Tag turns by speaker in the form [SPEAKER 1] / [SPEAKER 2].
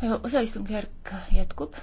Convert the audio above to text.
[SPEAKER 1] Äh, osaistungjärk jätkub.